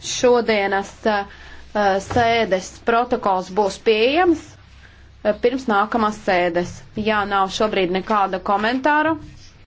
šodienas uh, sēdes protokols būs pieejams uh, pirms nākamās sēdes. Jā, nav šobrīd nekāda komentāra.